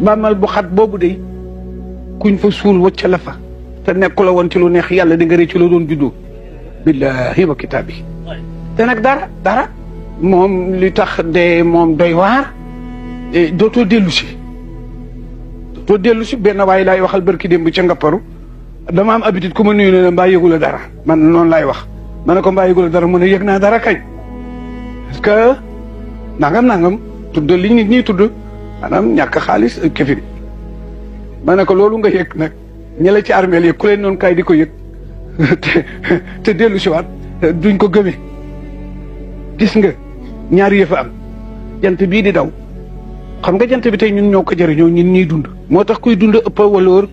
bàmmal bu xat boobu de kuñ fa suul wacca fa te nekkula la woon ci lu neex yàlla di nga rëcc la doon juddoo billaahi wa kitaab bi te nag dara dara moom li tax de moom doy waar dootoo dellusi si dootoo dellu si benn waay laay waxal barki démb nga ngapparu dama am habitude ku ma nuyu ne mbaa yëgula dara man noonu laay wax ma ne ko mbaa yëgula dara mu ne yëg naa dara kañ parce que nangam nangam tudd li nit ñi tudd maanaam ñàkk xaalis këfir ma ne ko loolu nga yëg nag ñi ci armeel yëg ku leen noonu kay di ko yëg te dellu siwaat duñ ko gëme gis nga ñaari yëfa am jant bii di daw xam nga jant bi tey ñun ñoo ko jëriñoo ñun ñuy dund moo tax kuy dund ëpp waloor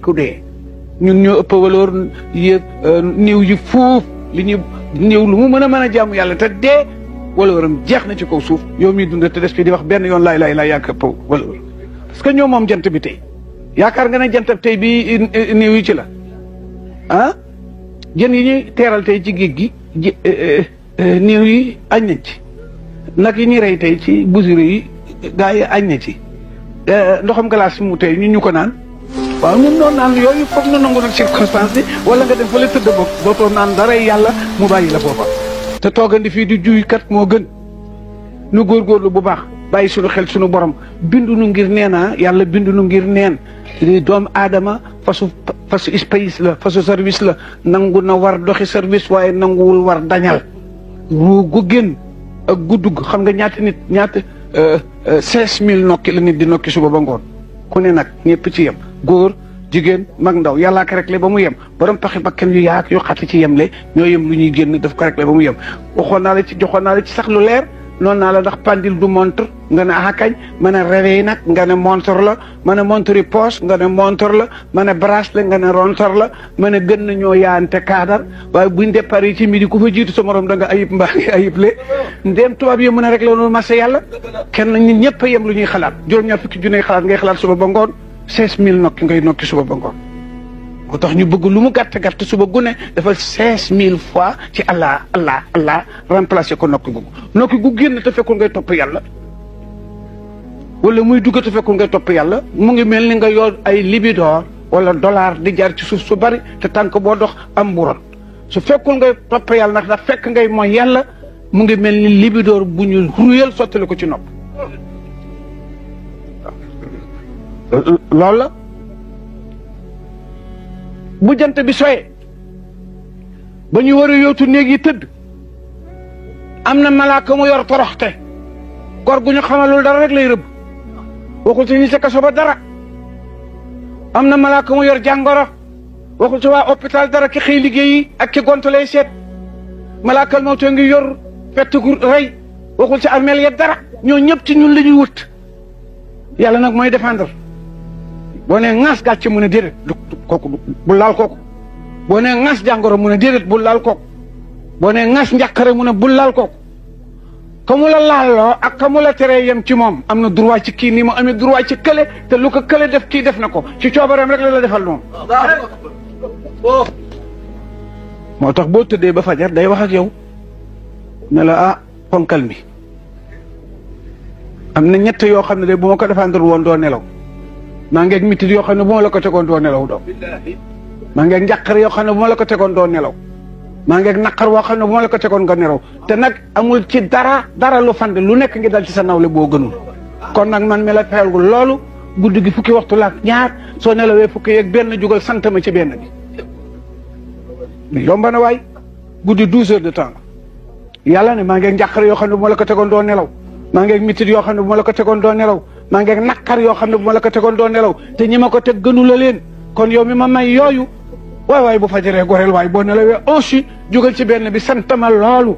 ñun ñoo ëpp waloor yëg euh, néew yi fuuf li ñuy néew lu mu mën a mën a jaamu yàlla te dee walooram jeex na ci kaw suuf yow miy dund te des fi di wax benn yoon laay laay laay yàgg ëpp waloor parce que ñoo moom jant bi tey yaakaar nga ne jant tey bii néew yi ci la ah jën yi ñuy teeral tey ci géej gi eh, eh, eh, néew yi añ nañ ci nag yi ñuy rey tey ci busiri yi gaa yi añ na ci ndoxam glace mu tey ñu ñu ko naan waaw ñun noonu naan yooyu foog na nangu nag circonstance bi wala nga dem fa la tëdd bopp dootoo naan dara yàlla mu la foofa te toogandi fii di juy kat moo gën nu góorgóorlu bu baax bàyyi suñu xel suñu borom bindu ngir neen ah yàlla bindu ngir neen li doom aadama fasu fasu space la fasu service la nangu na war doxi service waaye nanguwul war dañal ruu gu génn ak guddug xam nga ñaata nit ñaata seize euh, euh, mille nokki la nit di nokki suba ba ngoon ku ne nag ñëpp ci yem góor jigéen mag ndaw yàllaa ko réglé ba mu yem borom paxi bakkan yu yaak yu xati ci yem le ñoo yem lu ñuy génn daf ko réglé ba mu yem waxoon naa la ci joxoon naa la ci sax lu leer noonu naa la ndax pandil du montre nga ne ah kañ ma ne réveil nag nga ne montre la ma ne montre yi poche nga ne montre la ma ne bracelet nga ne montre la ma ne gën nañoo yaante kaadar waaye buñ départ yi ci midi ku fa jiitu sa morom da nga ayib mbaa ngi ayib le ndéem tubaab yi mën a rek la noonu marché yàlla kenn ñun ñëpp a yem lu ñuy xalaat juróom-ñaar fukki ne xalaat ngay xalaat suba ba ngoon seize mille nokki ngay nokki suba ba ngoon moo tax ñu bëgg lu mu gàtt gàtt suba gune dafa seize mille fois ci allah allah allah remplacé ko nokki gu nokki gu génn te fekkul ngay topp yàlla wala muy dugg te fekkul ngay topp yàlla mu ngi mel ni nga yor ay libidoor wala dollar di jaar suuf su bari te tànk boo dox am bu su fekkul ngay topp yàlla ndax fekk ngay mooy yàlla mu ngi mel ni libidoor bu ñu ruyal sottali ko ci nopp loolu bu jant bi soyee ba ñuy war yowtu yóotu néeg yi tëdd am na malaaka mu yor toroxte gor gu ñu xamalul dara rek lay rëbb waxul si ñi sa kaso ba dara am na malaaka mu yor jàngoro waxul si waa hôpital dara ki xëy liggéey yi ak ki gont lay seet malaakal mawte ngi yor fett gu rey waxul si armeel ya dara ñoo ñëpp ci ñun la ñuy wut yàlla nag mooy défendre boo ne ŋaas gàcce mu ne déedéet kooku bu laal kooku boo nee ŋas jàngoro mu ne déedéet bu laal kooku boo nee ŋas njàqare mu ne bu laal kooku ka mu la laalloo ak ka mu la teree yem ci moom am na droit ci kii nii mu amee droit ci kële te lu ko kële def kii def na ko ci coobareem rek la la defal moom moo tax boo tëddee ba fajar day wax ak yow ne la ah ponkal am na ñett yoo xam ne de bu ma ko defandul woon doo nelaw maa ngeeg mitit yoo xam ne bu ma la ko tegoon doo nelaw maa ngeeg njàqar yoo xam ne bu ma la ko tegoon doo nelaw maa ngeeg naqar woo xam ne bu la ko tegoon nga nelaw te nag amul ci dara dara lu fand lu nekk ngi dal ci sa nawle boo gënul kon nag man mi la feelgu loolu guddi gi fukki waxtu laak ñaar soo nelawee fukki yeeg benn jugal sant ma ci benn bi yomb na waay guddi douze heures de temps yàlla ne maa ngeeg njàqar yoo xam ne bu ko tegoon doo nelaw maa ngeeg mitit yoo xam ne bu ma la ko tegoon doo nelaw maa ngi ak naqar yoo xam ne bu ma la ko tegoon doo nelaw te ñi ma ko teg gënu la leen kon yow mi ma may yooyu waaye waay bu fajaree goreel waay boo nelawee onze yi jógal ci benn bi sant ma loolu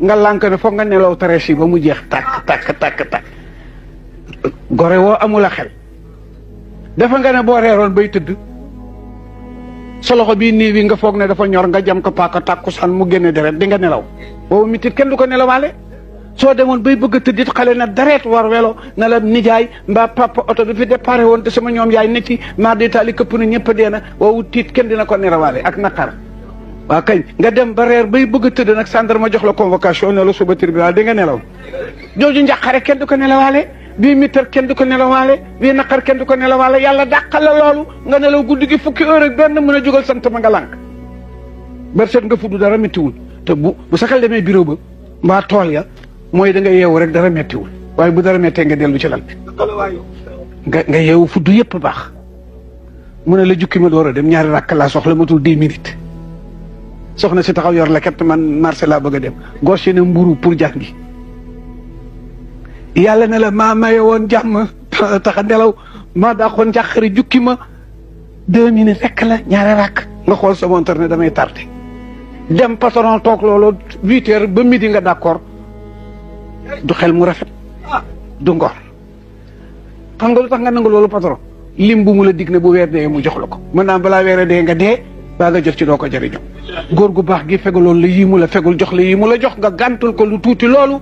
nga lànk ne foog nga nelaw treize yi ba mu jeex tàkk tàkk tàkk tàkk gore woo amul a xel dafa nga ne boo reeroon bay tëdd sa loxo bii nii wi nga foog ne dafa ñor nga jam ko paaka tàkkusaan mu génne deret di nga nelaw boobu mitit kenn du ko nelawaale soo demoon bay bëgg a tëddit xale na dareet war welo na la nijaay mbaa papa oto bi fi déparé woon te sama ñoom yaay ne ci maar di taali këpp na ñëpp dee na woowu tiit kenn dina ko nerawaale ak naqar waa kañ nga dem ba reer bay bëgg a nag nag ma jox la convocation ne la suba tribunal di nga nelaw jooju njàqare kenn du ko nelawaale bii mitar kenn du ko nelawaale bii naqar kenn du ko nelawaale yàlla dàqal la loolu nga nelaw guddi gi fukki heure ak benn mën a jógal sant ma nga lànk berset nga fudd dara méttiwul te bu bu sakal demee bureau ba mbaa ya mooy da nga yeewu rek dara mettiwul waaye bu dara mettee nga dellu ci lal bi nga nga yeewu fudd yëpp baax mu ne la jukki ma door a dem ñaari rakk laa soxla matul dix minutes soxna si taxaw yor la kat man marché laa bëgg a dem gos yi ne mburu pour jàngi yàlla ne la maa maye woon jàmm taxa nelaw maa dàqoon jàqari jukki ma deux minutes rek la ñaari rakk nga xool sa montar ne damay tardé dem patron toog loolu huit heures ba midi nga d'accord du xel mu rafet du ngor xam nga lu tax nga nangu loolu patron lim bu mu la dig ne bu weer dee mu jox la ko mën naa balaa weer dee nga dee baa nga jot ci doo ko jëriñoo góor gu baax gi feguloo la yii mu la fegul jox la yii mu la jox nga gàntul ko lu tuuti loolu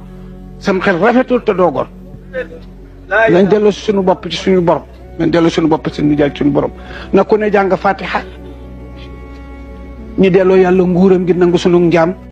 sam xel rafetul te doo gor nañ delloo suñu bopp ci suñu borom nañ delloo suñu bopp ci suñu jaay suñu borom na ku ne jàng fatiha ñu delloo yàlla nguuram gi nangu suñu njaam